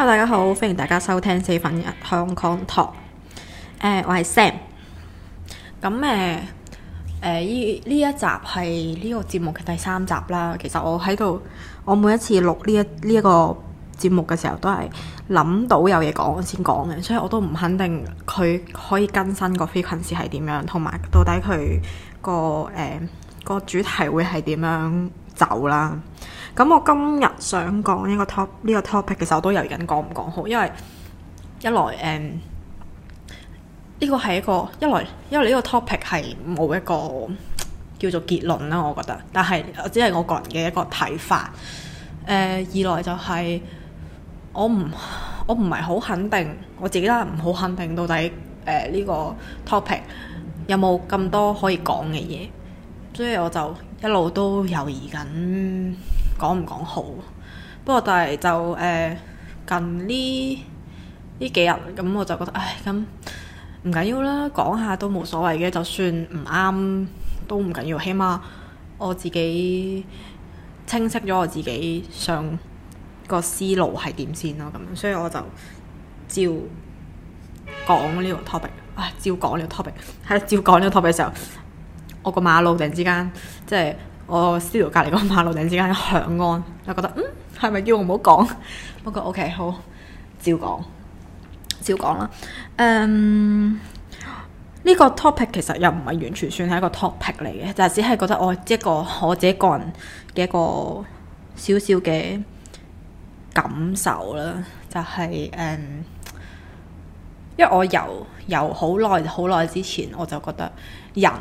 Hello 大家好，歡迎大家收聽四份一香港 talk。呃、我係 Sam。咁、嗯、誒，誒、呃，依呢一集係呢個節目嘅第三集啦。其實我喺度，我每一次錄呢一呢一、呢個節目嘅時候，都係諗到有嘢講，先講嘅。所以我都唔肯定佢可以更新個 frequency 係點樣，同埋到底佢個誒、呃、個主題會係點樣。走啦！咁我今日想講呢個 top 呢個 topic 嘅時候，都猶豫緊講唔講好，因為一來誒呢、呃這個係一個一來，因為呢個 topic 係冇一個叫做結論啦，我覺得，但係只係我個人嘅一個睇法。誒、呃，二來就係、是、我唔我唔係好肯定我自己都，唔好肯定到底誒呢、呃這個 topic 有冇咁多可以講嘅嘢。所以我就一路都猶豫緊講唔講好，不過但係就誒、呃、近呢呢幾日咁，我就覺得唉咁唔緊要啦，講下都冇所謂嘅，就算唔啱都唔緊要，起碼我自己清晰咗我自己上個思路係點先咯，咁所以我就照講呢個 topic，啊照講呢個 topic，喺照講呢個 topic 嘅時候。我個馬路突然之間，即係我 studio 隔籬個馬路突然之間響安，就覺得嗯，係咪叫我唔好講？ 不過 OK，好，照講，照講啦。嗯，呢個 topic 其實又唔係完全算係一個 topic 嚟嘅，就係只係覺得我一個我自己個人嘅一個少少嘅感受啦，就是。就係誒，因為我由由好耐好耐之前我就覺得。人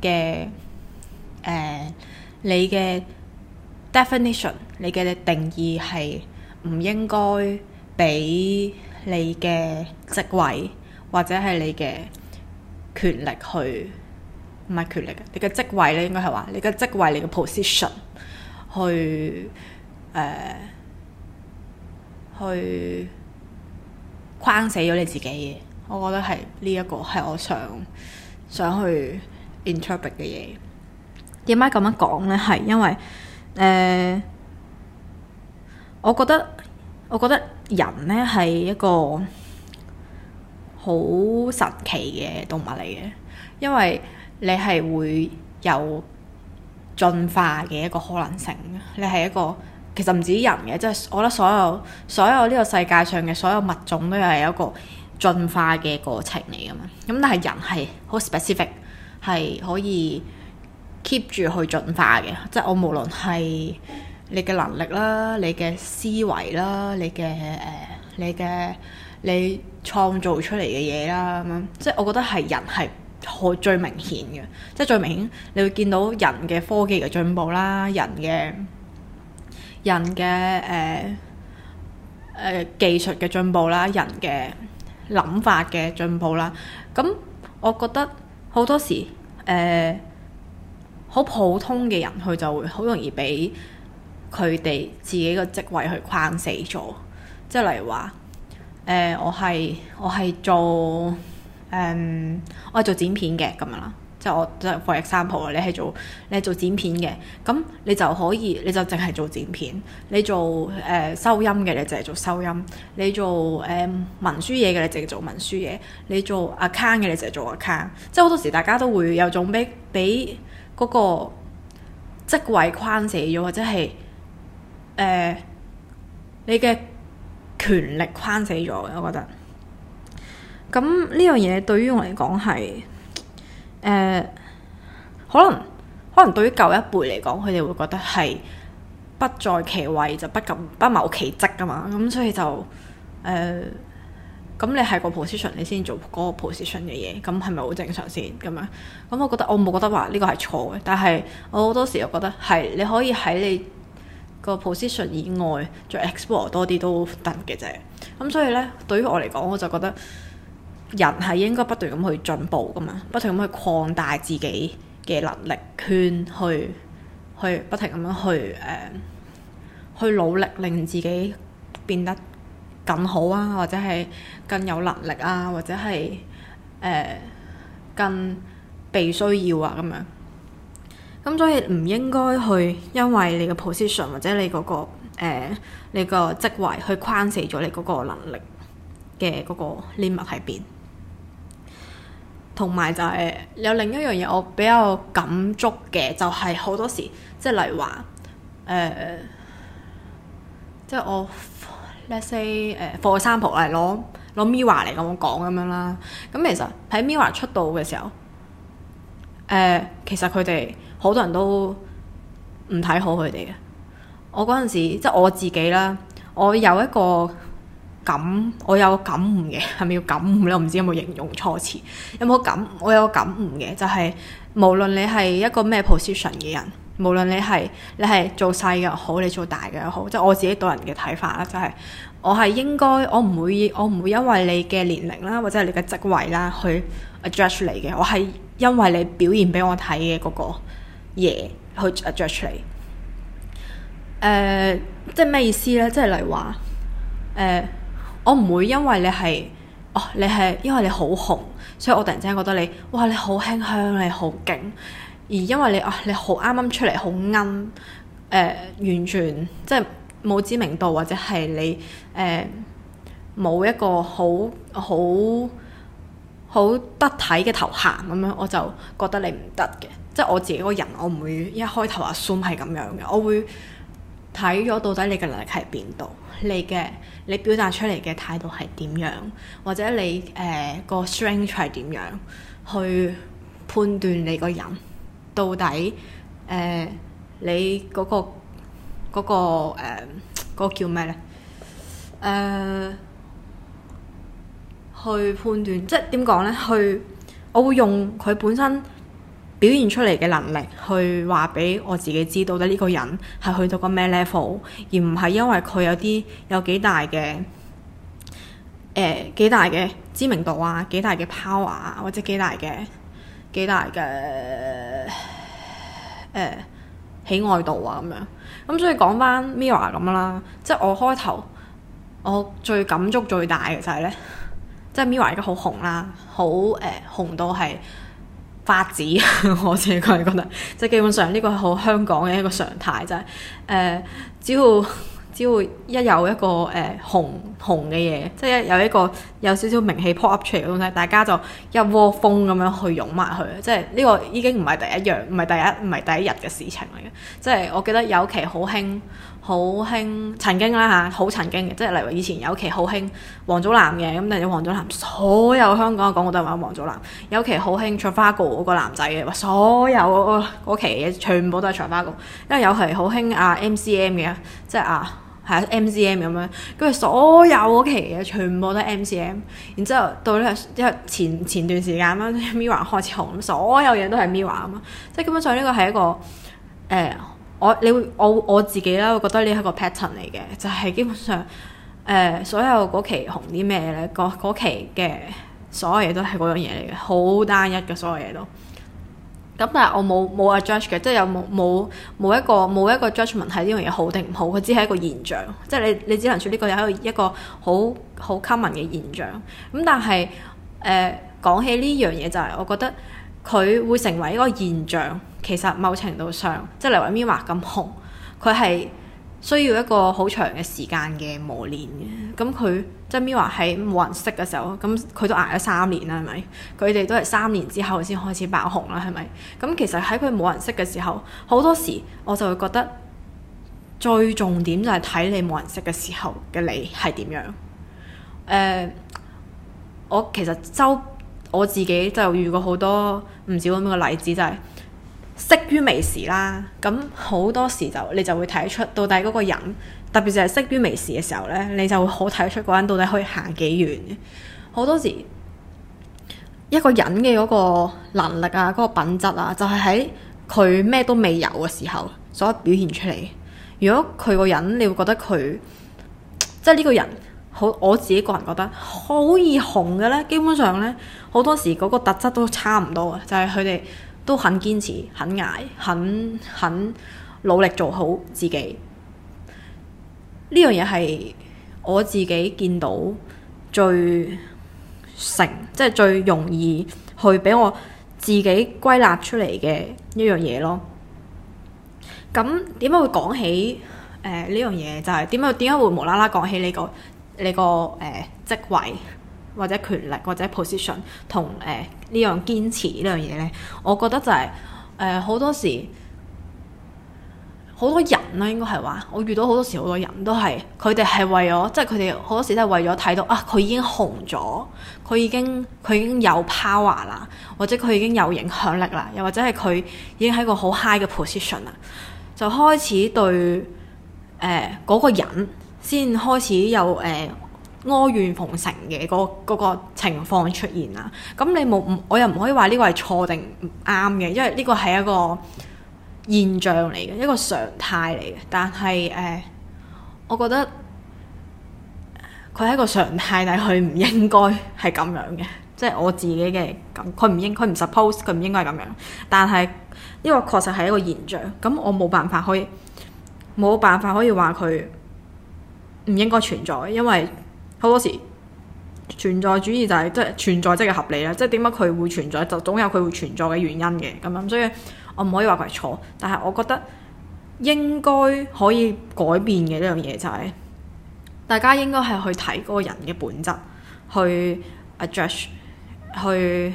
嘅誒、呃，你嘅 definition，你嘅定義，係唔應該俾你嘅職位或者係你嘅權力去，唔係權力嘅，你嘅職位咧，應該係話你嘅職位，你嘅 position 去誒、呃、去框死咗你自己嘅，我覺得係呢一個係我想。想去 interpret 嘅嘢，點解咁樣講呢？係因為誒、呃，我覺得我覺得人呢，係一個好神奇嘅動物嚟嘅，因為你係會有進化嘅一個可能性，你係一個，其實唔止人嘅，即係我覺得所有所有呢個世界上嘅所有物種都係有一個。進化嘅過程嚟㗎嘛，咁但係人係好 specific，係可以 keep 住去進化嘅，即係我無論係你嘅能力啦、你嘅思維啦、你嘅誒、呃、你嘅你創造出嚟嘅嘢啦，咁樣即係我覺得係人係最明顯嘅，即係最明顯你會見到人嘅科技嘅進步啦，人嘅人嘅誒誒技術嘅進步啦，人嘅。諗法嘅進步啦，咁我覺得好多時誒好、呃、普通嘅人，佢就會好容易俾佢哋自己嘅職位去框死咗。即、就、係、是、例如話誒、呃，我係我係做誒、呃、我係做剪片嘅咁樣啦。即係我即係 for example 啊！你係做你係做剪片嘅，咁你就可以，你就淨係做剪片；你做誒、呃、收音嘅，你就係做收音；你做誒、呃、文書嘢嘅，你就係做文書嘢；你做 account 嘅，你就係做 account。即係好多時，大家都會有種俾俾嗰個職位框死咗，或者係誒、呃、你嘅權力框死咗。我覺得，咁呢樣嘢對於我嚟講係。誒、uh，可能，可能對於舊一輩嚟講，佢哋會覺得係不在其位就不敢不謀其職噶嘛，咁、嗯、所以就誒，咁、uh, 你係個 position 你先做嗰個 position 嘅嘢，咁係咪好正常先咁啊？咁、嗯、我覺得我冇覺得話呢個係錯嘅，但係我好多時又覺得係你可以喺你個 position 以外做 explore 多啲都得嘅啫。咁、嗯、所以咧，對於我嚟講，我就覺得。人係應該不斷咁去進步噶嘛，不斷咁去擴大自己嘅能力圈，去去不停咁樣去誒、呃、去努力令自己變得更好啊，或者係更有能力啊，或者係誒、呃、更被需要啊咁樣。咁所以唔應該去因為你個 position 或者你嗰、那個、呃、你個職位去框死咗你嗰個能力嘅嗰個 limit 喺邊。同埋就係有另一樣嘢我比較感觸嘅，就係、是、好多時即係例如話，誒、呃，即係我 let's say 誒 for example 嚟攞攞 Mirror 嚟咁講咁樣啦。咁其實喺 Mirror 出道嘅時候，誒、呃，其實佢哋好多人都唔睇好佢哋嘅。我嗰陣時即係我自己啦，我有一個。感我有感悟嘅，係咪要感悟咧？我唔知有冇形容錯詞，有冇感悟？我有感悟嘅，就係、是、無論你係一個咩 position 嘅人，無論你係你係做細嘅又好，你做大嘅又好，即、就、係、是、我自己對人嘅睇法啦。就係、是、我係應該，我唔會，我唔會因為你嘅年齡啦，或者你嘅職位啦，去 address 你嘅。我係因為你表現俾我睇嘅嗰個嘢去 address 嚟。誒、呃，即係咩意思咧？即係例如話，誒、呃。我唔會因為你係，哦，你係因為你好紅，所以我突然之間覺得你，哇，你好輕香，你好勁。而因為你啊、哦，你好啱啱出嚟，好奀、呃，完全即係冇知名度或者係你冇、呃、一個好好好得體嘅頭銜咁樣，我就覺得你唔得嘅。即係我自己個人，我唔會一開頭阿 soon 係咁樣嘅，我會。睇咗到底你嘅能力喺邊度，你嘅你表達出嚟嘅態度係點樣，或者你誒個 strength 係點樣，去判斷你個人到底誒、呃、你嗰、嗰個嗰、嗰個呃嗰個叫咩咧？誒、呃、去判斷，即係點講咧？去我會用佢本身。表現出嚟嘅能力，去話俾我自己知道，到底呢個人係去到個咩 level，而唔係因為佢有啲有幾大嘅，誒、呃、幾大嘅知名度啊，幾大嘅 power 啊，或者幾大嘅幾大嘅誒、呃、喜愛度啊咁樣。咁、嗯、所以講返 MIRROR 咁啦，即係我開頭我最感觸最大嘅就係、是、咧，即係 MIRROR 而家好紅啦，好誒、呃、紅到係。發展。花 我自己個人覺得，即係基本上呢個係好香港嘅一個常態，就係誒，只要。只要一有一個誒、欸、紅紅嘅嘢，即係一有一個有少少名氣 pop up 出嚟嘅東西，大家就一窩蜂咁樣去擁埋去，即係呢個已經唔係第一樣，唔係第一唔係第一日嘅事情嚟嘅。即係我記得有期好興好興曾經啦、啊、吓，好、啊、曾經嘅，即係例如以前有期好興王祖藍嘅，咁、嗯、但係王祖藍所有香港嘅廣告都係揾王祖藍。有期好興 Trivago 嗰個男仔嘅，所有嗰、啊、期嘢全部都係 Trivago，因為有期好興啊、MC、M C M 嘅，即係啊。係 MCM 咁樣，跟住所有嗰期嘅全部都係 MCM，然之後到呢之後前前段時間啦，Mirror 開始紅，所有嘢都係 Mirror 咁啊。即係基本上呢個係一個誒、呃，我你會我我自己啦，會覺得呢係一個 pattern 嚟嘅，就係、是、基本上誒、呃、所有嗰期紅啲咩咧，嗰期嘅所有嘢都係嗰樣嘢嚟嘅，好單一嘅所有嘢都。咁但係我冇冇 judge 嘅，即係有冇冇冇一個冇一個 judgement 係呢樣嘢好定唔好？佢只係一個現象，即係你你只能説呢個係一個好好 common 嘅現象。咁但係誒、呃、講起呢樣嘢就係、是、我覺得佢會成為一個現象。其實某程度上，即係例如 Mirror 咁紅，佢係需要一個好長嘅時間嘅磨練嘅。咁佢。即係 Mirror 喺冇人識嘅時候，咁佢都捱咗三年啦，係咪？佢哋都係三年之後先開始爆紅啦，係咪？咁其實喺佢冇人識嘅時候，好多時我就會覺得最重點就係睇你冇人識嘅時候嘅你係點樣。誒、呃，我其實周我自己就遇過好多唔少咁嘅例子，就係識於微時啦。咁好多時就你就會睇得出到底嗰個人。特別就係識於微時嘅時候呢，你就會好睇出嗰人，到底可以行幾遠嘅。好多時，一個人嘅嗰個能力啊，嗰個品質啊，就係喺佢咩都未有嘅時候所表現出嚟。如果佢個人你會覺得佢即係呢個人好，我自己個人覺得好易紅嘅呢，基本上呢，好多時嗰個特質都差唔多嘅，就係佢哋都肯堅持、肯捱、肯肯努力做好自己。呢樣嘢係我自己見到最成，即係最容易去俾我自己歸納出嚟嘅一樣嘢咯。咁點解會講起誒呢樣嘢？就係點解點解會無啦啦講起你個你個誒職位或者權力或者 position 同誒、呃、呢樣堅持呢樣嘢咧？我覺得就係誒好多時。好多人啦、啊，應該係話，我遇到好多時好多人都係，佢哋係為咗，即係佢哋好多時都係為咗睇到啊，佢已經紅咗，佢已經佢已經有 power 啦，或者佢已經有影響力啦，又或者係佢已經喺個好 high 嘅 position 啦，就開始對誒嗰、呃嗰個人先開始有誒阿諛奉承嘅嗰嗰個情況出現啦。咁你冇唔，我又唔可以話呢個係錯定唔啱嘅，因為呢個係一個現象嚟嘅一個常態嚟嘅，但係誒、呃，我覺得佢係一個常態，但係佢唔應該係咁樣嘅，即係我自己嘅咁，佢唔應佢唔 suppose 佢唔應該係咁樣，但係因為確實係一個現象，咁我冇辦法可以冇辦法可以話佢唔應該存在，因為好多時存在主義就係即係存在即係合理啦，即係點解佢會存在，就總有佢會存在嘅原因嘅，咁咁所以。我唔可以話佢係錯，但係我覺得應該可以改變嘅呢樣嘢就係、是、大家應該係去睇嗰個人嘅本質，去 address，去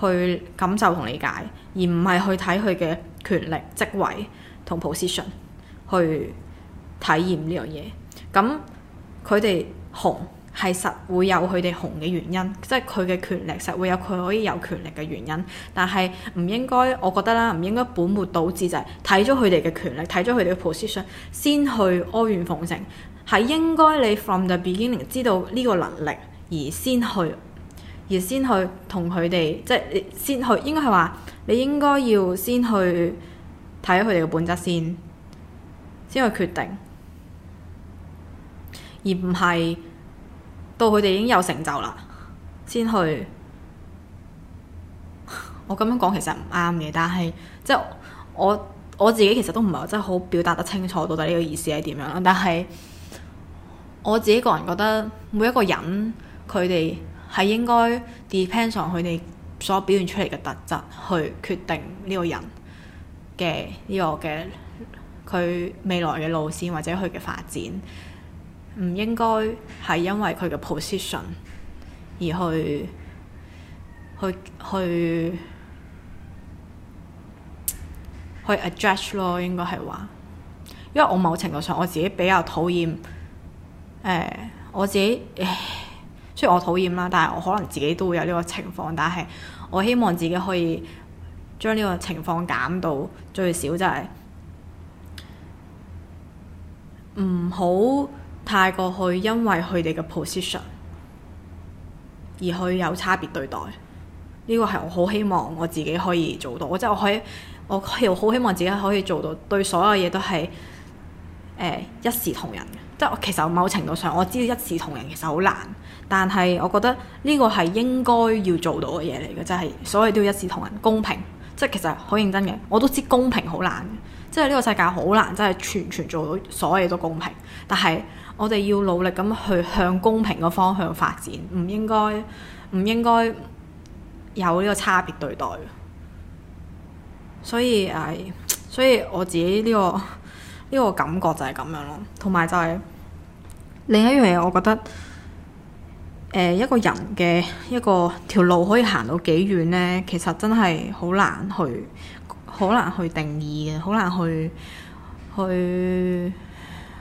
去感受同理解，而唔係去睇佢嘅權力、職位同 position，去體驗呢樣嘢。咁佢哋紅，係實會有佢哋紅嘅原因，即係佢嘅權力，實會有佢可以有權力嘅原因。但係唔應該，我覺得啦，唔應該本末倒置，就係睇咗佢哋嘅權力，睇咗佢哋嘅 position 先去阿諛奉承。係應該你 from the beginning 知道呢個能力而先去，而先去同佢哋，即係你先去，應該係話你應該要先去睇佢哋嘅本質先，先去決定，而唔係。到佢哋已經有成就啦，先去。我咁樣講其實唔啱嘅，但係即係我我自己其實都唔係真係好表達得清楚到底呢個意思係點樣。但係我自己個人覺得，每一個人佢哋係應該 depends on 佢哋所表現出嚟嘅特質去決定呢個人嘅呢、呢個嘅佢未來嘅路線或者佢嘅發展。唔應該係因為佢嘅 position 而去去去去 address 咯，應該係話，因為我某程度上我自己比較討厭，誒、呃、我自己誒雖然我討厭啦，但係我可能自己都會有呢個情況，但係我希望自己可以將呢個情況減到最少，就係唔好太過去，因為佢哋嘅 position 而去有差別對待，呢、呢個係我好希望我自己可以做到。即係我可以，我好希望自己可以做到對所有嘢都係、呃、一視同仁。即係其實某程度上，我知道一視同仁其實好難，但係我覺得呢個係應該要做到嘅嘢嚟嘅，即係所有都要一視同仁、公平。即係其實好認真嘅，我都知公平好難。即係呢個世界好難，真係全全做到所有嘢都公平。但係我哋要努力咁去向公平嘅方向發展，唔應該唔應該有呢個差別對待。所以係，所以我自己呢個呢個感覺就係咁樣咯。同埋就係另一樣嘢，我覺得誒、呃、一個人嘅一個條路可以行到幾遠呢？其實真係好難去。好難去定義嘅，好難去去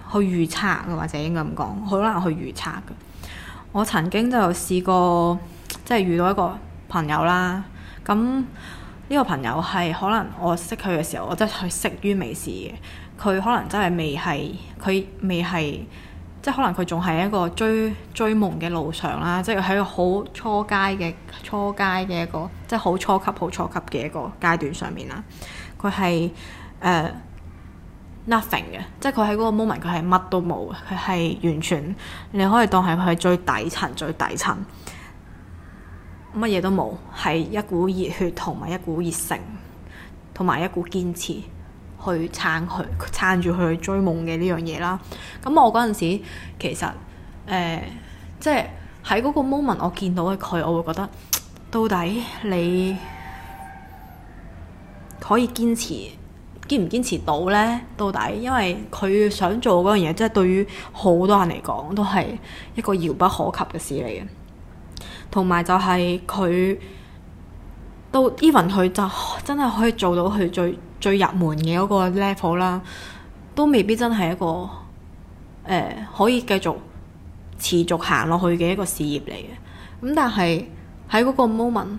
去預測嘅，或者應該咁講，好難去預測嘅。我曾經就試過，即係遇到一個朋友啦。咁呢個朋友係可能我識佢嘅時候，我真係佢識於未時嘅。佢可能真係未係，佢未係。即係可能佢仲係一個追追夢嘅路上啦，即係喺個好初階嘅初階嘅一個，即係好初級好初級嘅一個階段上面啦。佢係誒 nothing 嘅，即係佢喺嗰個 moment 佢係乜都冇，佢係完全，你可以當係佢係最底層，最底層，乜嘢都冇，係一股熱血同埋一股熱誠同埋一股堅持。去撐佢撐住佢去追夢嘅呢樣嘢啦。咁我嗰陣時其實誒、呃，即係喺嗰個 moment 我見到嘅佢，我會覺得到底你可以堅持堅唔堅持到呢？到底因為佢想做嗰樣嘢，即係對於好多人嚟講都係一個遙不可及嘅事嚟嘅。同埋就係佢到 even 佢就真係可以做到佢最。最入門嘅嗰個 level 啦，都未必真係一個誒、呃、可以繼續持續行落去嘅一個事業嚟嘅。咁但係喺嗰個 moment，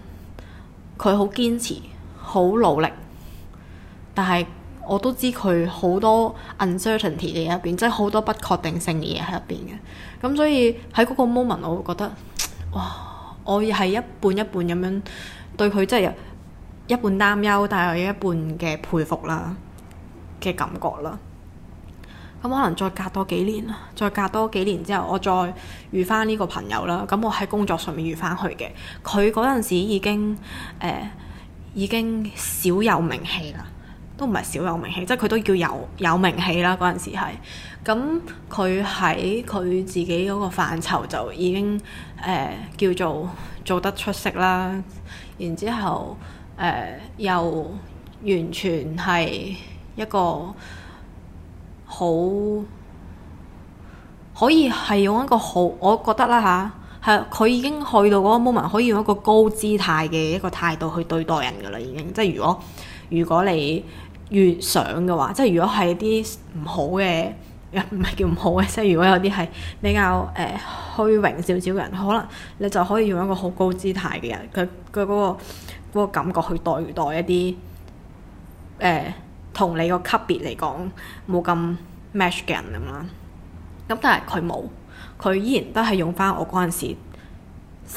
佢好堅持，好努力。但係我都知佢好多 uncertainty 嘅嘢喺入邊，即係好多不確定性嘅嘢喺入邊嘅。咁、嗯、所以喺嗰個 moment，我會覺得，哇！我係一半一半咁樣對佢，即係。一半擔憂，但係有一半嘅佩服啦嘅感覺啦。咁、嗯、可能再隔多幾年啦，再隔多幾年之後，我再遇翻呢個朋友啦。咁、嗯、我喺工作上面遇翻佢嘅，佢嗰陣時已經誒、呃、已經小有名氣啦，都唔係小有名氣，即係佢都叫有有名氣啦。嗰陣時係咁，佢喺佢自己嗰個範疇就已經誒、呃、叫做做得出色啦。然之後。誒、呃、又完全係一個好可以係用一個好，我覺得啦吓，係、啊、佢已經去到嗰個 moment，可以用一個高姿態嘅一個態度去對待人噶啦。已經即係如果如果你越想嘅話，即係如果係啲唔好嘅，唔、啊、係叫唔好嘅，即係如果有啲係比較誒虛榮少少嘅人，可能你就可以用一個好高姿態嘅人佢佢嗰個。嗰個感覺去對待一啲誒同你個級別嚟講冇咁 match 嘅人咁啦，咁但係佢冇，佢依然都係用翻我嗰陣時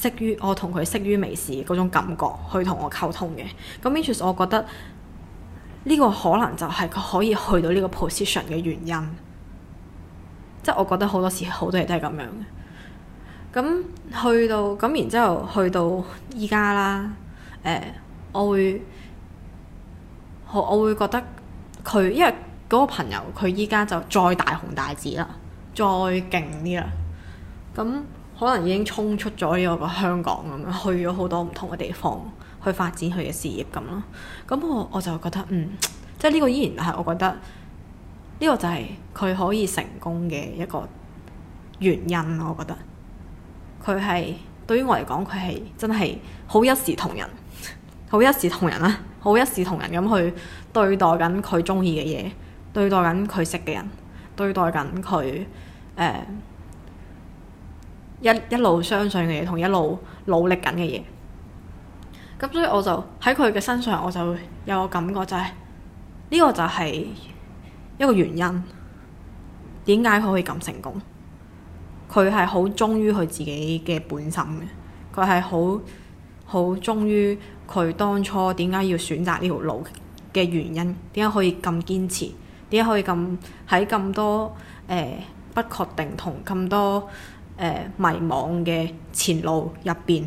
識於我同佢識於微時嗰種感覺去同我溝通嘅。咁 interesting 我覺得呢個可能就係佢可以去到呢個 position 嘅原因，即係我覺得好多時好多嘢都係咁樣嘅。咁去到咁然之後，去到依家啦。誒、呃，我會我我會覺得佢，因為嗰個朋友佢依家就再大紅大紫啦，再勁啲啦。咁可能已經衝出咗呢個香港咁樣，去咗好多唔同嘅地方去發展佢嘅事業咁咯。咁我我就覺得嗯，即係呢個依然係我覺得呢、呢個就係佢可以成功嘅一個原因。我覺得佢係對於我嚟講，佢係真係好一視同仁。好一視同仁啊！好一視同仁咁去對待緊佢中意嘅嘢，對待緊佢識嘅人，對待緊佢誒一一路相信嘅嘢，同一路努力緊嘅嘢。咁所以我就喺佢嘅身上，我就有個感覺、就是，就係呢個就係一個原因，點解佢可以咁成功？佢係好忠於佢自己嘅本心嘅，佢係好。好忠於佢當初點解要選擇呢條路嘅原因，點解可以咁堅持，點解可以咁喺咁多誒、呃、不確定同咁多誒、呃、迷惘嘅前路入邊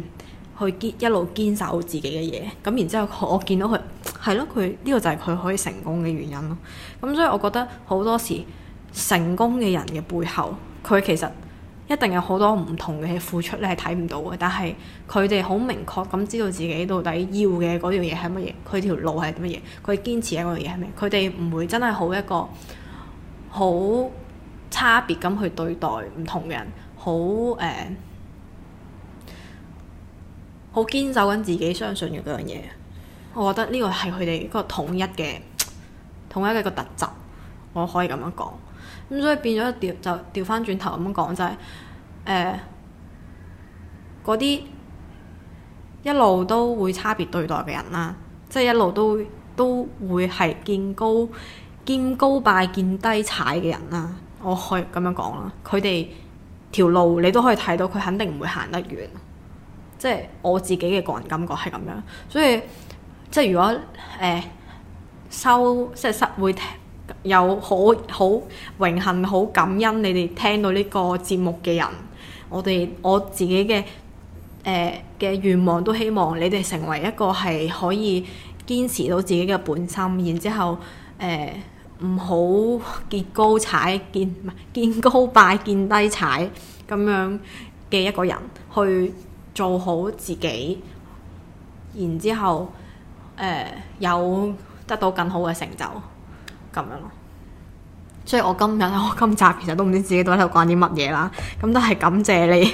去堅一路堅守自己嘅嘢，咁然之後我見到佢係咯，佢呢、這個就係佢可以成功嘅原因咯。咁所以我覺得好多時成功嘅人嘅背後，佢其實～一定有好多唔同嘅付出，你係睇唔到嘅。但係佢哋好明確咁知道自己到底要嘅嗰樣嘢係乜嘢，佢條路係乜嘢，佢堅持嘅嗰樣嘢係咩？佢哋唔會真係好一個好差別咁去對待唔同嘅人，好誒，好、uh, 堅守緊自己相信嘅嗰樣嘢。我覺得呢個係佢哋一個統一嘅統一嘅個特質，我可以咁樣講。咁所以變咗、就是呃、一調就調翻轉頭咁講就係，誒，嗰啲一路都會差別對待嘅人啦，即、就、係、是、一路都都會係見高見高拜見低踩嘅人啦，我可以咁樣講啦。佢哋條路你都可以睇到，佢肯定唔會行得遠。即、就、係、是、我自己嘅個人感覺係咁樣，所以即係、就是、如果誒、呃、收即係收會有好好榮幸、好感恩你哋聽到呢個節目嘅人，我哋我自己嘅誒嘅願望都希望你哋成為一個係可以堅持到自己嘅本心，然之後誒唔好、呃、見高踩見唔係見高拜見低踩咁樣嘅一個人，去做好自己，然之後誒、呃、有得到更好嘅成就。咁樣咯，所以我今日我今集其實都唔知自己都喺度講啲乜嘢啦，咁都係感謝你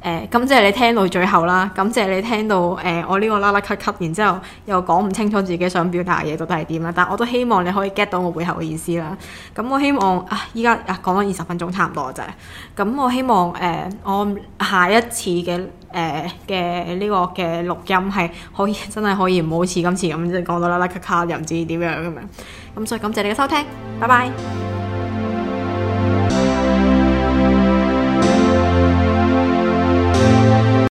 誒，感謝你聽到最後啦，感謝你聽到誒、呃，我呢個啦啦咳咳，然之後又講唔清楚自己想表達嘅嘢，到底係點啦？但我都希望你可以 get 到我背後嘅意思啦。咁我希望啊，依家啊講咗二十分鐘差，差唔多啦，真係。咁我希望誒、呃，我下一次嘅誒嘅呢個嘅錄音係可以真係可以唔好似今次咁，即係講到甩甩卡卡又唔知點樣咁樣，咁所以感謝你嘅收聽， 拜拜。